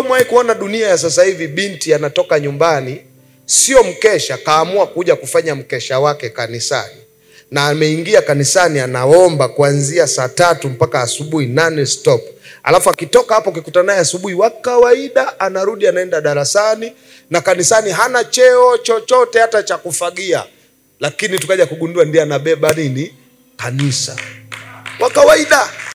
Umwahi kuona dunia ya sasa hivi, binti anatoka nyumbani, sio mkesha, kaamua kuja kufanya mkesha wake kanisani, na ameingia kanisani anaomba kuanzia saa tatu mpaka asubuhi non stop, alafu akitoka hapo ukikutana naye asubuhi wa kawaida, anarudi anaenda darasani, na kanisani hana cheo chochote hata cha kufagia, lakini tukaja kugundua ndiye anabeba nini kanisa wa kawaida.